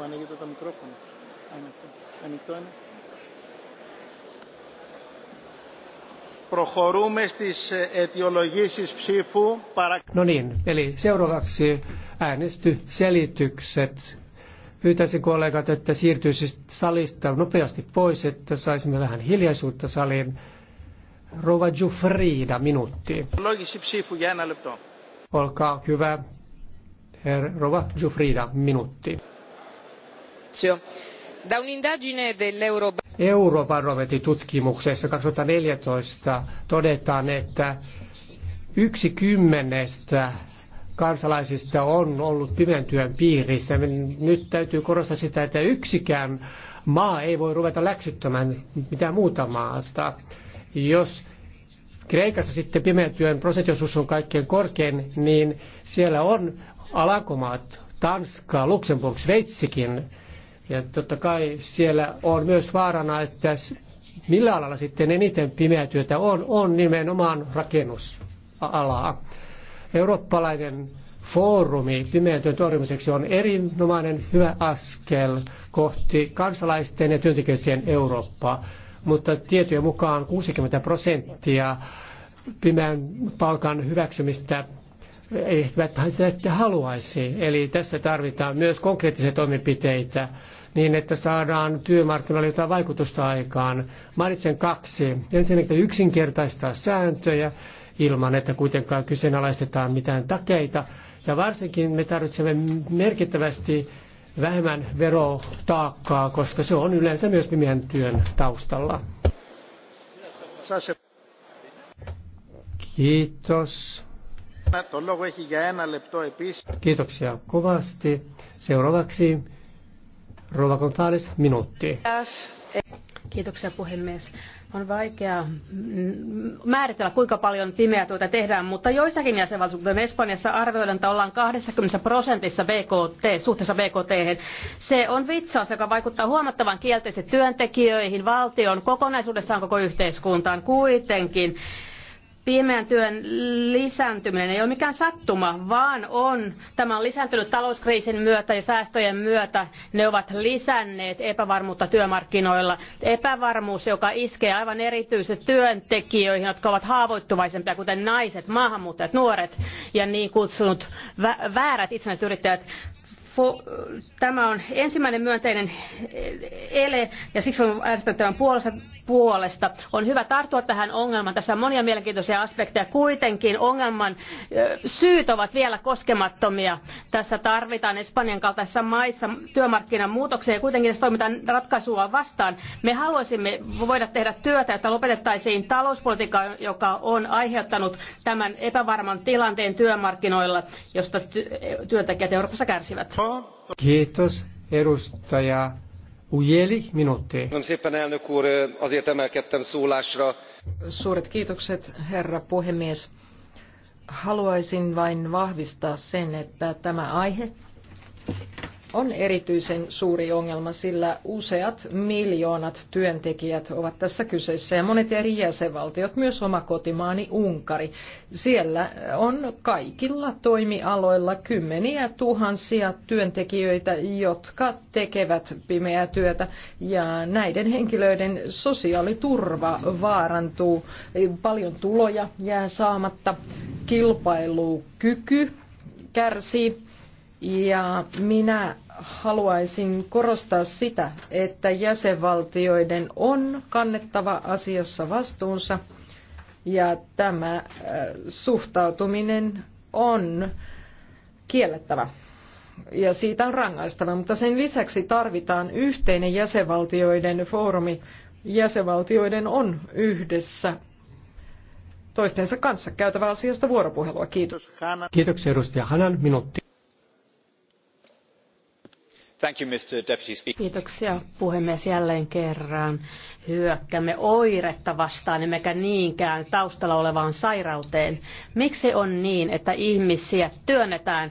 που ανοίγεται το μικρόφωνο. Ανοιχτό, ανοιχτό είναι. Προχωρούμε στις αιτιολογήσεις ψήφου. Παρα... No niin, eli seuraavaksi äänestyselitykset. Pyytäisin kollegat, että siirtyisi salista nopeasti pois, että saisimme vähän hiljaisuutta saliin. Rova Giuffrida, minuutti. Logisi ψήφου για ένα Olkaa hyvä. Herr Rova Giuffrida, minuutti. Da un'indagine dell'Eurobarometri Eurobarometritutkimuksessa 2014 todetaan, että yksi kymmenestä kansalaisista on ollut pimeän työn piirissä. Nyt täytyy korostaa sitä, että yksikään maa ei voi ruveta läksyttämään mitään muuta maata. Jos Kreikassa sitten pimeän työn prosenttiosuus on kaikkein korkein, niin siellä on Alankomaat, Tanska, Luxemburg, Sveitsikin ja totta kai siellä on myös vaarana, että millä alalla sitten eniten pimeää työtä on, on nimenomaan rakennusalaa. Eurooppalainen foorumi pimeän työn torjumiseksi on erinomainen hyvä askel kohti kansalaisten ja työntekijöiden Eurooppaa. Mutta tietojen mukaan 60 prosenttia pimeän palkan hyväksymistä eivät välttämättä haluaisi. Eli tässä tarvitaan myös konkreettisia toimenpiteitä niin, että saadaan työmarkkinoille jotain vaikutusta aikaan. Mainitsen kaksi. Ensinnäkin yksinkertaistaa sääntöjä ilman, että kuitenkaan kyseenalaistetaan mitään takeita. Ja varsinkin me tarvitsemme merkittävästi vähemmän verotaakkaa, koska se on yleensä myös pimeän työn taustalla. Kiitos. Kiitoksia kovasti. Seuraavaksi Rova Gonzales, minuutti. Kiitoksia puhemies. On vaikea määritellä, kuinka paljon pimeää työtä tuota tehdään, mutta joissakin jäsenvaltioissa, Espanjassa, arvioidaan, että ollaan 20 prosentissa BKT, suhteessa BKT. Se on vitsaus, joka vaikuttaa huomattavan kielteisesti työntekijöihin, valtion, kokonaisuudessaan koko yhteiskuntaan kuitenkin Pimeän työn lisääntyminen ei ole mikään sattuma, vaan on. Tämä on lisääntynyt talouskriisin myötä ja säästöjen myötä. Ne ovat lisänneet epävarmuutta työmarkkinoilla. Epävarmuus, joka iskee aivan erityisesti työntekijöihin, jotka ovat haavoittuvaisempia, kuten naiset, maahanmuuttajat, nuoret ja niin kutsunut väärät itsenäiset yrittäjät tämä on ensimmäinen myönteinen eh, ele ja siksi on äänestettävän puolesta, puolesta. On hyvä tarttua tähän ongelmaan. Tässä on monia mielenkiintoisia aspekteja. Kuitenkin ongelman eh, syyt ovat vielä koskemattomia. Tässä tarvitaan Espanjan kaltaisissa maissa työmarkkinan muutoksia ja kuitenkin tässä toimitaan ratkaisua vastaan. Me haluaisimme voida tehdä työtä, että lopetettaisiin talouspolitiikka, joka on aiheuttanut tämän epävarman tilanteen työmarkkinoilla, josta eh, työntekijät Euroopassa kärsivät. Kiitos, edustaja Ujeli, minuutti. Suuret kiitokset, herra puhemies. Haluaisin vain vahvistaa sen, että tämä aihe on erityisen suuri ongelma, sillä useat miljoonat työntekijät ovat tässä kyseessä ja monet eri jäsenvaltiot, myös oma kotimaani Unkari. Siellä on kaikilla toimialoilla kymmeniä tuhansia työntekijöitä, jotka tekevät pimeää työtä ja näiden henkilöiden sosiaaliturva vaarantuu. Paljon tuloja jää saamatta, kilpailukyky kärsii ja minä haluaisin korostaa sitä, että jäsenvaltioiden on kannettava asiassa vastuunsa ja tämä äh, suhtautuminen on kiellettävä ja siitä on rangaistava, mutta sen lisäksi tarvitaan yhteinen jäsenvaltioiden foorumi. Jäsenvaltioiden on yhdessä toistensa kanssa käytävä asiasta vuoropuhelua. Kiitos. Kiitoksia edustaja Hanan. Minuutti. Kiitoksia puhemies jälleen kerran. Hyökkäämme oiretta vastaan emmekä niinkään taustalla olevaan sairauteen. Miksi on niin, että ihmisiä työnnetään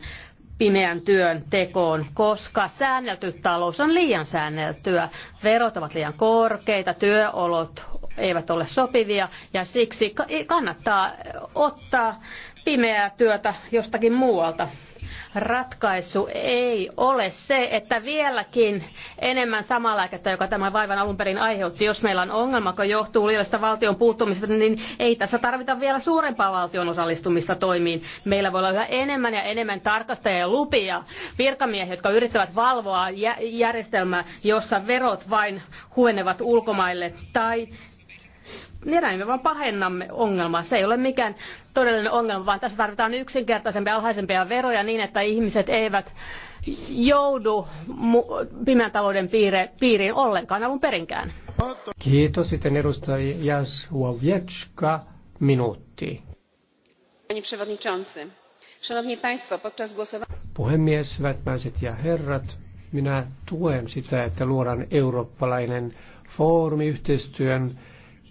pimeän työn tekoon, koska säännelty talous on liian säänneltyä. Verot ovat liian korkeita, työolot eivät ole sopivia ja siksi kannattaa ottaa pimeää työtä jostakin muualta ratkaisu ei ole se, että vieläkin enemmän samaa joka tämän vaivan alun perin aiheutti, jos meillä on ongelma, joka johtuu liiallisesta valtion puuttumisesta, niin ei tässä tarvita vielä suurempaa valtion osallistumista toimiin. Meillä voi olla yhä enemmän ja enemmän tarkastajia ja lupia, virkamiehiä, jotka yrittävät valvoa järjestelmää, jossa verot vain huenevat ulkomaille tai näin me vaan pahennamme ongelmaa. Se ei ole mikään todellinen ongelma, vaan tässä tarvitaan yksinkertaisempia, alhaisempia veroja niin, että ihmiset eivät joudu pimeän talouden piire, piiriin ollenkaan alun perinkään. Kiitos. Sitten edustaja Jasłowieczka, minuutti. Puhemies, hyvät ja herrat, minä tuen sitä, että luodaan eurooppalainen foorumi yhteistyön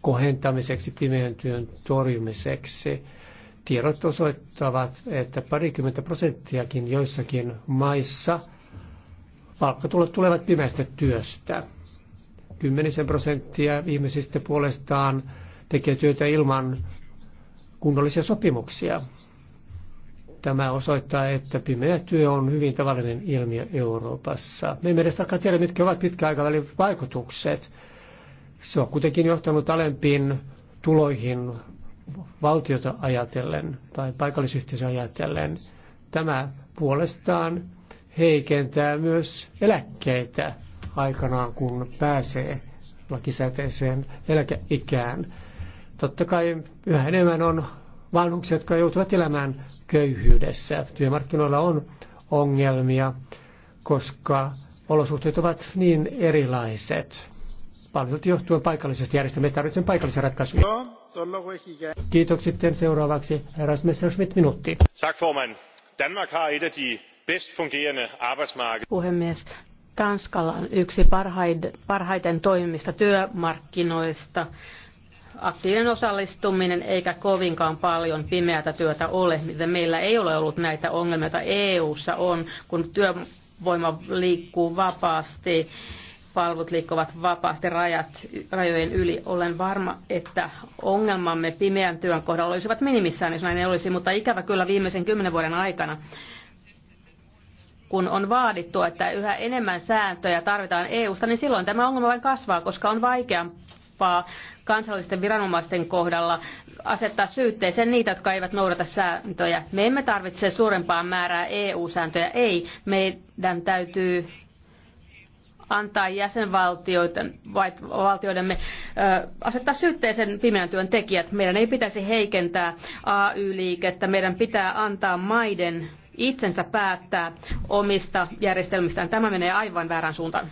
kohentamiseksi, pimeän työn torjumiseksi. Tiedot osoittavat, että parikymmentä prosenttiakin joissakin maissa palkkatulot tulevat pimeästä työstä. Kymmenisen prosenttia ihmisistä puolestaan tekee työtä ilman kunnollisia sopimuksia. Tämä osoittaa, että pimeä työ on hyvin tavallinen ilmiö Euroopassa. Me emme edes tarkkaan tiedä, mitkä ovat pitkäaikavälin vaikutukset. Se on kuitenkin johtanut alempiin tuloihin valtiota ajatellen tai paikallisyhteisöä ajatellen. Tämä puolestaan heikentää myös eläkkeitä aikanaan, kun pääsee lakisääteiseen eläkeikään. Totta kai yhä enemmän on vanhuksia, jotka joutuvat elämään köyhyydessä. Työmarkkinoilla on ongelmia, koska olosuhteet ovat niin erilaiset palvelut johtuen paikallisesta järjestelmästä. Me tarvitsemme paikallisia ratkaisuja. No, Kiitokset sitten seuraavaksi. Herras Messerschmidt, minuutti. Tack, formen. Danmark har et de Puhemies, Tanskalla on yksi parhaiten, toimimista työmarkkinoista. Aktiivinen osallistuminen eikä kovinkaan paljon pimeätä työtä ole, miten meillä ei ole ollut näitä ongelmia, joita EU-ssa on, kun työvoima liikkuu vapaasti palvelut liikkuvat vapaasti rajat, rajojen yli. Olen varma, että ongelmamme pimeän työn kohdalla olisivat minimissään, jos näin ei olisi, mutta ikävä kyllä viimeisen kymmenen vuoden aikana kun on vaadittu, että yhä enemmän sääntöjä tarvitaan EU-sta, niin silloin tämä ongelma vain kasvaa, koska on vaikeampaa kansallisten viranomaisten kohdalla asettaa syytteeseen niitä, jotka eivät noudata sääntöjä. Me emme tarvitse suurempaa määrää EU-sääntöjä, ei. Meidän täytyy antaa jäsenvaltioidemme asettaa syytteeseen pimeän työn tekijät. Meidän ei pitäisi heikentää AY-liikettä, meidän pitää antaa maiden itsensä päättää omista järjestelmistään. Tämä menee aivan väärään suuntaan.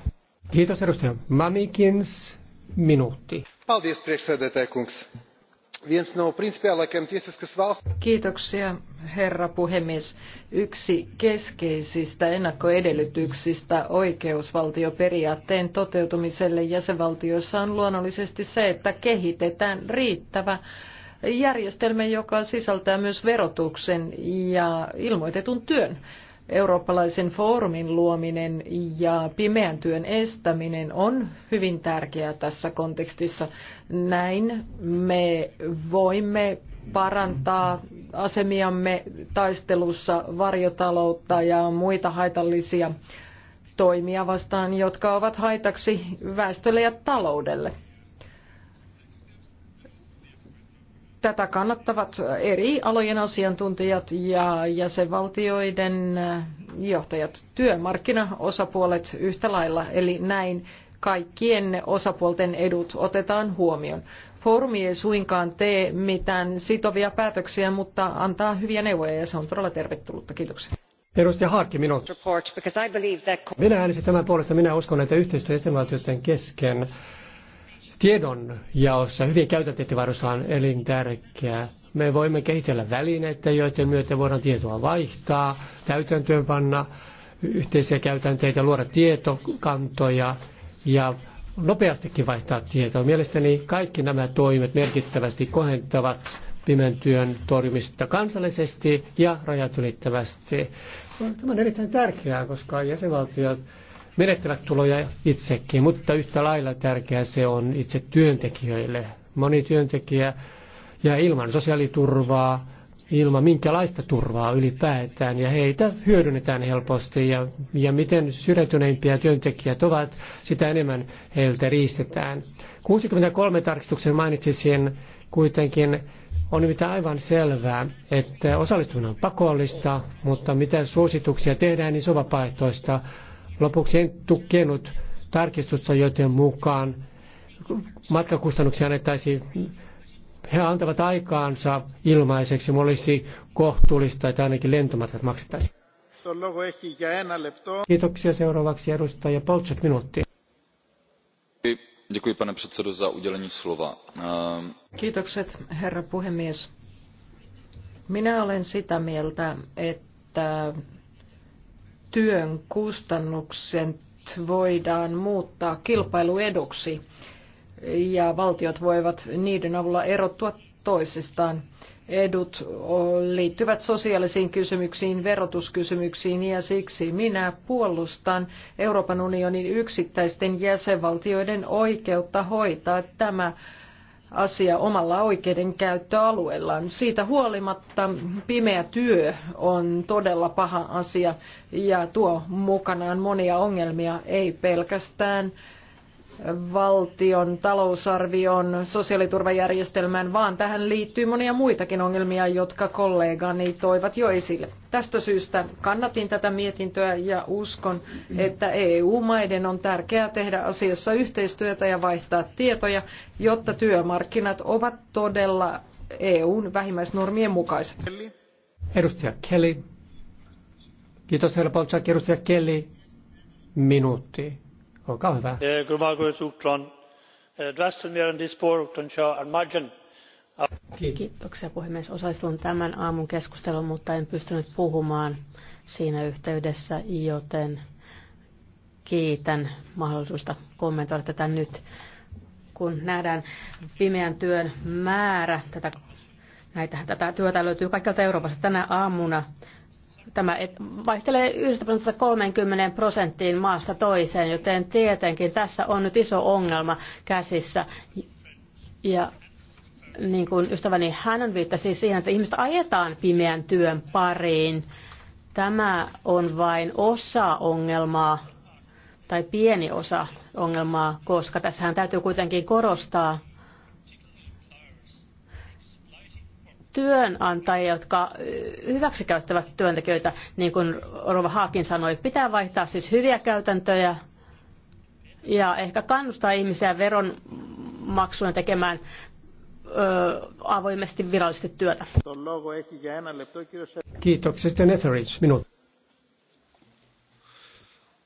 Kiitos edustaja Mamikins. Minuutti. Paldies, No, Kiitoksia, herra puhemies. Yksi keskeisistä ennakkoedellytyksistä oikeusvaltioperiaatteen toteutumiselle jäsenvaltioissa on luonnollisesti se, että kehitetään riittävä järjestelmä, joka sisältää myös verotuksen ja ilmoitetun työn eurooppalaisen foorumin luominen ja pimeän työn estäminen on hyvin tärkeää tässä kontekstissa. Näin me voimme parantaa asemiamme taistelussa varjotaloutta ja muita haitallisia toimia vastaan, jotka ovat haitaksi väestölle ja taloudelle. Tätä kannattavat eri alojen asiantuntijat ja jäsenvaltioiden johtajat, työmarkkinaosapuolet yhtä lailla, eli näin kaikkien osapuolten edut otetaan huomioon. Foorumi ei suinkaan tee mitään sitovia päätöksiä, mutta antaa hyviä neuvoja ja se on todella tervetullutta. Kiitoksia. Edustaja Haakki, minun. Minä äänestin tämän puolesta. Minä uskon, että yhteistyö jäsenvaltioiden kesken tiedon jaossa, hyvin käytänteettivaroissa on elintärkeää. Me voimme kehitellä välineitä, joiden myötä voidaan tietoa vaihtaa, täytäntöönpanna yhteisiä käytänteitä, luoda tietokantoja ja nopeastikin vaihtaa tietoa. Mielestäni kaikki nämä toimet merkittävästi kohentavat pimentyön torjumista kansallisesti ja rajat ylittävästi. Tämä on erittäin tärkeää, koska jäsenvaltiot menettävät tuloja itsekin, mutta yhtä lailla tärkeää se on itse työntekijöille. Moni työntekijä jää ilman sosiaaliturvaa, ilman minkälaista turvaa ylipäätään, ja heitä hyödynnetään helposti, ja, ja miten syrjäytyneimpiä työntekijät ovat, sitä enemmän heiltä riistetään. 63 tarkistuksen mainitsisin kuitenkin, on nimittäin aivan selvää, että osallistuminen on pakollista, mutta mitä suosituksia tehdään, niin se on vapaaehtoista. Lopuksi en tukenut tarkistusta, joten mukaan matkakustannuksia annettaisiin he antavat aikaansa ilmaiseksi. Me olisi kohtuullista, että ainakin lentomatkat maksettaisiin. Kiitoksia. Seuraavaksi edustaja Polczek minuutti. Ehm. Kiitokset, herra puhemies. Minä olen sitä mieltä, että työn kustannukset voidaan muuttaa kilpailueduksi ja valtiot voivat niiden avulla erottua toisistaan. Edut liittyvät sosiaalisiin kysymyksiin, verotuskysymyksiin ja siksi minä puolustan Euroopan unionin yksittäisten jäsenvaltioiden oikeutta hoitaa tämä asia omalla oikeudenkäyttöalueellaan. Siitä huolimatta pimeä työ on todella paha asia ja tuo mukanaan monia ongelmia, ei pelkästään valtion talousarvion sosiaaliturvajärjestelmään, vaan tähän liittyy monia muitakin ongelmia, jotka kollegani toivat jo esille. Tästä syystä kannatin tätä mietintöä ja uskon, että EU-maiden on tärkeää tehdä asiassa yhteistyötä ja vaihtaa tietoja, jotta työmarkkinat ovat todella EUn vähimmäisnormien mukaiset. Edustaja Kelly. Kiitos herra Edustaja Kelly, minuutti. Olkaa Kiitoksia puhemies. Osallistun tämän aamun keskusteluun, mutta en pystynyt puhumaan siinä yhteydessä, joten kiitän mahdollisuudesta kommentoida tätä nyt. Kun nähdään pimeän työn määrä, tätä, näitä, tätä työtä löytyy kaikkialta Euroopassa tänä aamuna Tämä vaihtelee 1 prosentista 30 prosenttiin maasta toiseen, joten tietenkin tässä on nyt iso ongelma käsissä. Ja niin kuin ystäväni hän viittasi siihen, että ihmiset ajetaan pimeän työn pariin. Tämä on vain osa ongelmaa tai pieni osa ongelmaa, koska tässähän täytyy kuitenkin korostaa työnantajia, jotka hyväksikäyttävät työntekijöitä, niin kuin Rova Haakin sanoi. Pitää vaihtaa siis hyviä käytäntöjä ja ehkä kannustaa ihmisiä veronmaksuun tekemään ö, avoimesti virallisesti työtä. Kiitoksia. Sitten Etheridge,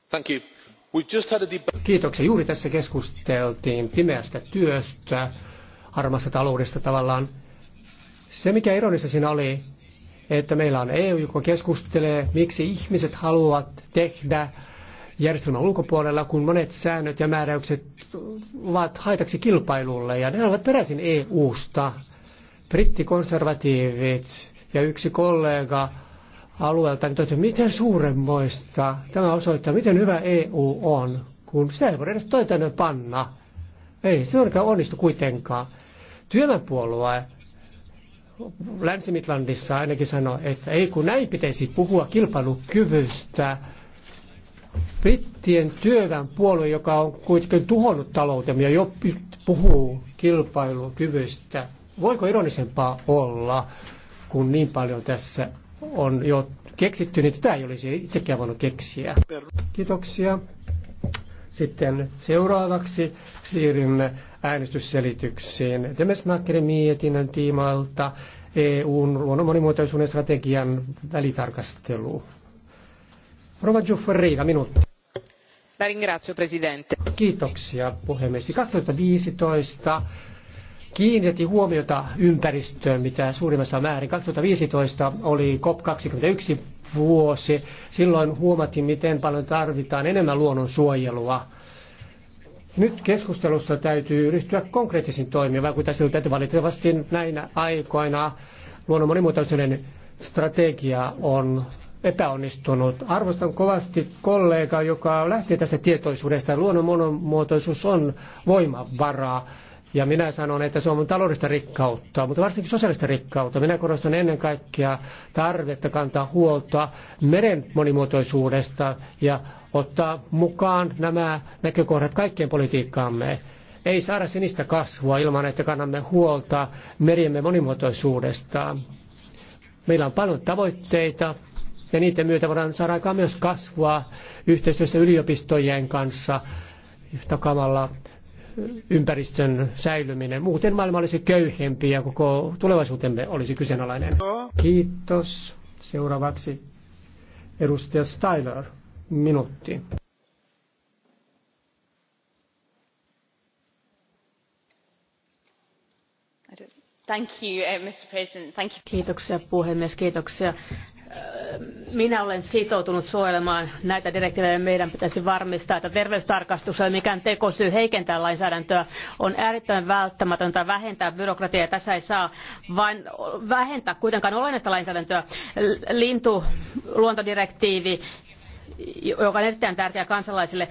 Thank you. Kiitoksia. Juuri tässä keskusteltiin pimeästä työstä, harmasta taloudesta tavallaan. Se, mikä ironista siinä oli, että meillä on EU, joka keskustelee, miksi ihmiset haluavat tehdä järjestelmän ulkopuolella, kun monet säännöt ja määräykset ovat haitaksi kilpailulle, ja ne ovat peräisin EU-sta. Brittikonservatiivit ja yksi kollega alueelta, niin totesi, miten suuremmoista tämä osoittaa, miten hyvä EU on, kun sitä ei voi edes toitainen panna. Ei, se ei onnistu kuitenkaan. Työväenpuolue Länsi-Mitlandissa ainakin sanoi, että ei kun näin pitäisi puhua kilpailukyvystä. Brittien työväen puolue, joka on kuitenkin tuhonnut taloutemme ja jo puhuu kilpailukyvystä. Voiko ironisempaa olla, kun niin paljon tässä on jo keksitty, niin tätä ei olisi itsekään voinut keksiä. Kiitoksia. Sitten seuraavaksi siirrymme äänestysselityksiin. Demesmakerin mietinnön tiimalta EUn luonnon monimuotoisuuden strategian välitarkastelu. Rova Giuffreida, minuutti. Ringrazio, presidente. Kiitoksia, puhemies. 2015 kiinnitti huomiota ympäristöön mitä suurimmassa määrin. 2015 oli COP21 vuosi. Silloin huomattiin, miten paljon tarvitaan enemmän luonnonsuojelua. suojelua nyt keskustelussa täytyy ryhtyä konkreettisiin toimiin, vaikuttaa siltä, että valitettavasti näinä aikoina luonnon monimuotoisuuden strategia on epäonnistunut. Arvostan kovasti kollegaa, joka lähtee tästä tietoisuudesta. Luonnon monimuotoisuus on voimavaraa ja minä sanon, että se on mun taloudellista rikkautta, mutta varsinkin sosiaalista rikkautta. Minä korostan ennen kaikkea tarvetta kantaa huolta meren monimuotoisuudesta ja ottaa mukaan nämä näkökohdat kaikkien politiikkaamme. Ei saada sinistä kasvua ilman, että kannamme huolta meriemme monimuotoisuudesta. Meillä on paljon tavoitteita, ja niiden myötä voidaan saada aikaan myös kasvua yhteistyössä yliopistojen kanssa takamalla ympäristön säilyminen. Muuten maailma olisi köyhempi ja koko tulevaisuutemme olisi kyseenalainen. Kiitos. Seuraavaksi edustaja Styler, minuutti. Eh, kiitoksia puhemies, kiitoksia minä olen sitoutunut suojelemaan näitä direktiivejä. Meidän pitäisi varmistaa, että terveystarkastuksella mikään tekosyy heikentää lainsäädäntöä on äärettömän välttämätöntä vähentää byrokratiaa. Tässä ei saa vain vähentää kuitenkaan olennaista lainsäädäntöä. Lintu, luontodirektiivi, joka on erittäin tärkeä kansalaisille,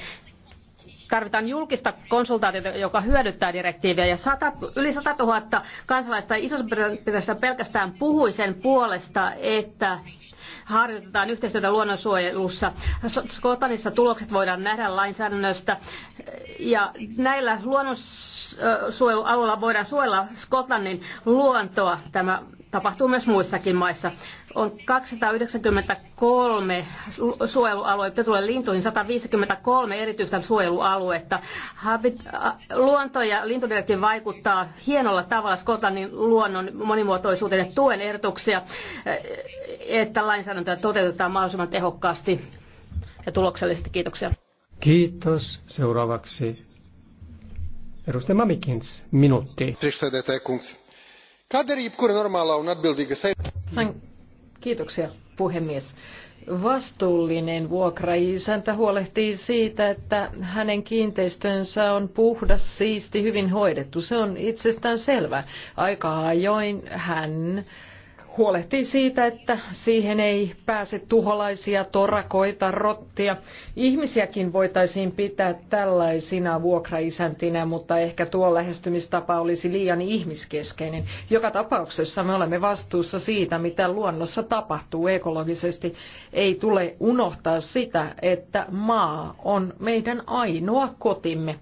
tarvitaan julkista konsultaatiota, joka hyödyttää direktiiviä. Ja 100, yli 100 000 kansalaista Isossa-Britanniassa pelkästään puhui sen puolesta, että harjoitetaan yhteistyötä luonnonsuojelussa. Skotlannissa tulokset voidaan nähdä lainsäädännöstä ja näillä luonnonsuojelualueilla voidaan suojella Skotlannin luontoa. Tämä tapahtuu myös muissakin maissa. On 293 suojelualuetta, tulee lintuihin 153 erityistä suojelualuetta. Habit, luonto- ja lintudirektiivi vaikuttaa hienolla tavalla Skotlannin luonnon monimuotoisuuteen ja tuen ehdotuksia, eh, että lainsäädäntö lainsäädäntöä toteutetaan mahdollisimman tehokkaasti ja tuloksellisesti. Kiitoksia. Kiitos. Seuraavaksi edustaja Mamikins, minuutti. Kiitoksia, puhemies vastuullinen vuokraisäntä huolehtii siitä, että hänen kiinteistönsä on puhdas, siisti, hyvin hoidettu. Se on itsestään selvä. Aika ajoin hän huolehtii siitä, että siihen ei pääse tuholaisia, torakoita, rottia. Ihmisiäkin voitaisiin pitää tällaisina vuokraisäntinä, mutta ehkä tuo lähestymistapa olisi liian ihmiskeskeinen. Joka tapauksessa me olemme vastuussa siitä, mitä luonnossa tapahtuu ekologisesti. Ei tule unohtaa sitä, että maa on meidän ainoa kotimme.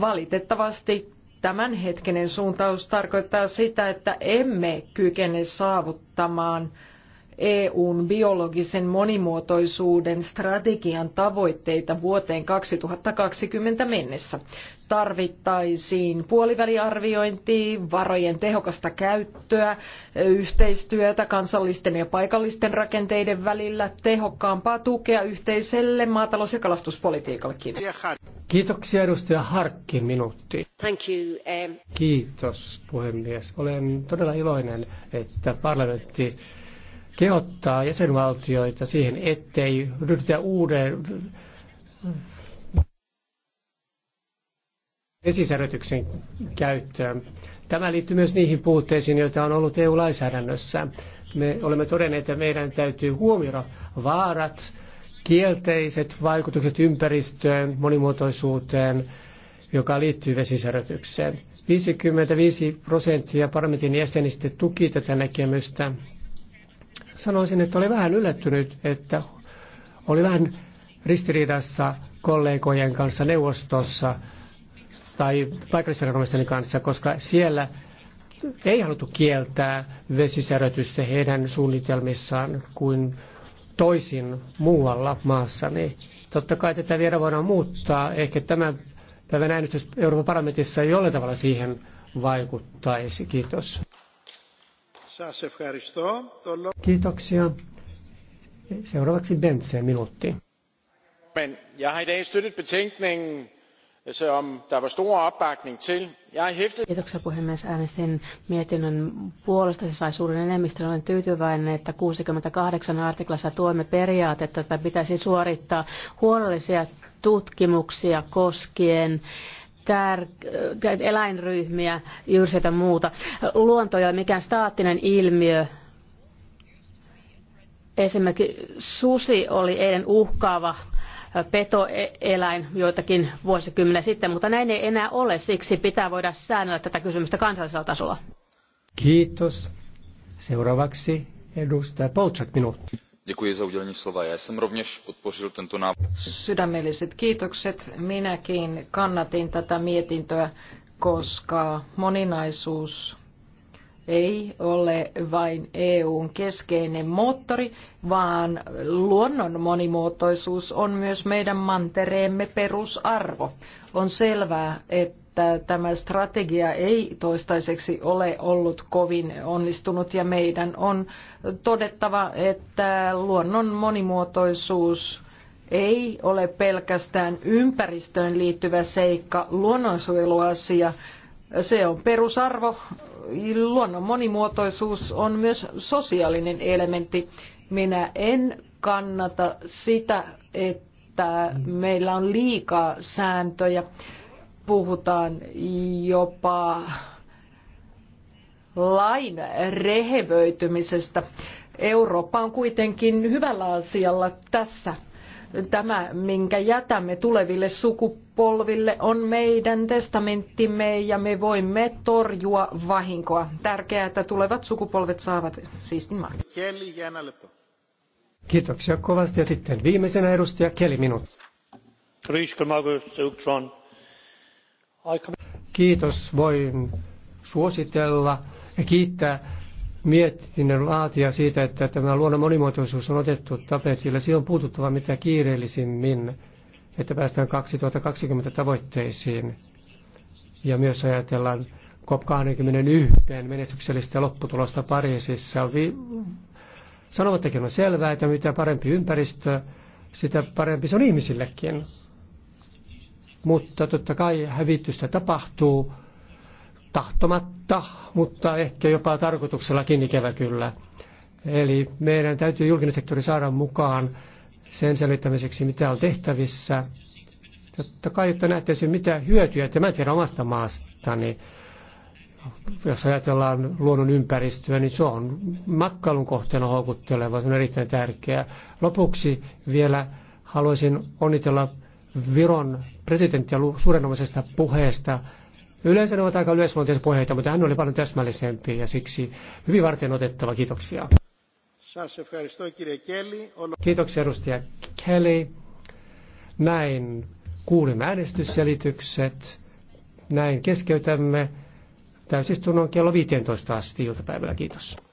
Valitettavasti Tämänhetkinen suuntaus tarkoittaa sitä, että emme kykene saavuttamaan EUn biologisen monimuotoisuuden strategian tavoitteita vuoteen 2020 mennessä. Tarvittaisiin puoliväliarviointi, varojen tehokasta käyttöä, yhteistyötä kansallisten ja paikallisten rakenteiden välillä, tehokkaampaa tukea yhteiselle maatalous- ja kalastuspolitiikalle. Kiitoksia edustaja Harkki minuutti. Thank you, eh. Kiitos puhemies. Olen todella iloinen, että parlamentti kehottaa jäsenvaltioita siihen, ettei ryhdytä uuden vesisärötyksen käyttöön. Tämä liittyy myös niihin puutteisiin, joita on ollut EU-lainsäädännössä. Me olemme todenneet, että meidän täytyy huomioida vaarat, kielteiset vaikutukset ympäristöön, monimuotoisuuteen, joka liittyy vesisärötykseen. 55 prosenttia parlamentin jäsenistä tuki tätä näkemystä sanoisin, että oli vähän yllättynyt, että oli vähän ristiriidassa kollegojen kanssa neuvostossa tai paikallisviranomaisten kanssa, koska siellä ei haluttu kieltää vesisärötystä heidän suunnitelmissaan kuin toisin muualla maassa. Niin totta kai tätä vielä voidaan muuttaa. Ehkä tämä päivän äänestys Euroopan parlamentissa jollain tavalla siihen vaikuttaisi. Kiitos. Kiitoksia. Seuraavaksi Bentse, minuutti. Men jeg har i dag støttet betænkningen, som der var stor opbakning til. Jeg har hæftet... Kiitoksia puhemies. Äänestin mietinnön puolesta. Se sai suuren enemmistön. Olen tyytyväinen, että 68 artiklassa tuemme periaatetta, että pitäisi suorittaa huolellisia tutkimuksia koskien äh, tär- eläinryhmiä, jyrsiä ja muuta. Luonto ei ole mikään staattinen ilmiö. Esimerkiksi susi oli eilen uhkaava petoeläin joitakin vuosikymmeniä sitten, mutta näin ei enää ole. Siksi pitää voida säännellä tätä kysymystä kansallisella tasolla. Kiitos. Seuraavaksi edustaja Polchak minuutti já jsem rovněž podpořil tento návrh. kiitokset minäkin kannatin tätä mietintöä koska moninaisuus ei ole vain EUn keskeinen moottori, vaan luonnon monimuotoisuus on myös meidän mantereemme perusarvo. On selvää, että että tämä strategia ei toistaiseksi ole ollut kovin onnistunut ja meidän on todettava, että luonnon monimuotoisuus ei ole pelkästään ympäristöön liittyvä seikka, luonnonsuojeluasia. Se on perusarvo. Luonnon monimuotoisuus on myös sosiaalinen elementti. Minä en kannata sitä, että meillä on liikaa sääntöjä puhutaan jopa lain rehevöitymisestä. Eurooppa on kuitenkin hyvällä asialla tässä. Tämä, minkä jätämme tuleville sukupolville, on meidän testamenttimme ja me voimme torjua vahinkoa. Tärkeää, että tulevat sukupolvet saavat siistin maan. Kiitoksia kovasti ja sitten viimeisenä edustaja Keli minut. Kiitos. Voin suositella ja kiittää mietinnön laatia siitä, että tämä luonnon monimuotoisuus on otettu tapetille. Siihen on puututtava mitä kiireellisimmin, että päästään 2020 tavoitteisiin. Ja myös ajatellaan COP21 menestyksellistä lopputulosta Pariisissa. Vi- Sanomattakin on selvää, että mitä parempi ympäristö, sitä parempi se on ihmisillekin mutta totta kai hävitystä tapahtuu tahtomatta, mutta ehkä jopa tarkoituksellakin ikävä kyllä. Eli meidän täytyy julkinen sektori saada mukaan sen selvittämiseksi, mitä on tehtävissä. Totta kai, jotta nähtäisiin mitä hyötyjä, että mä en tiedä omasta maastani, jos ajatellaan luonnon ympäristöä, niin se on matkailun kohteena houkutteleva, se on erittäin tärkeää. Lopuksi vielä haluaisin onnitella Viron presidenttiä suurenomaisesta puheesta. Yleensä ne ovat aika yleisluonteisia puheita, mutta hän oli paljon täsmällisempi ja siksi hyvin varten otettava. Kiitoksia. Kiitoksia edustaja Kelly. Näin kuulimme äänestysselitykset. Näin keskeytämme täysistunnon kello 15 asti iltapäivällä. Kiitos.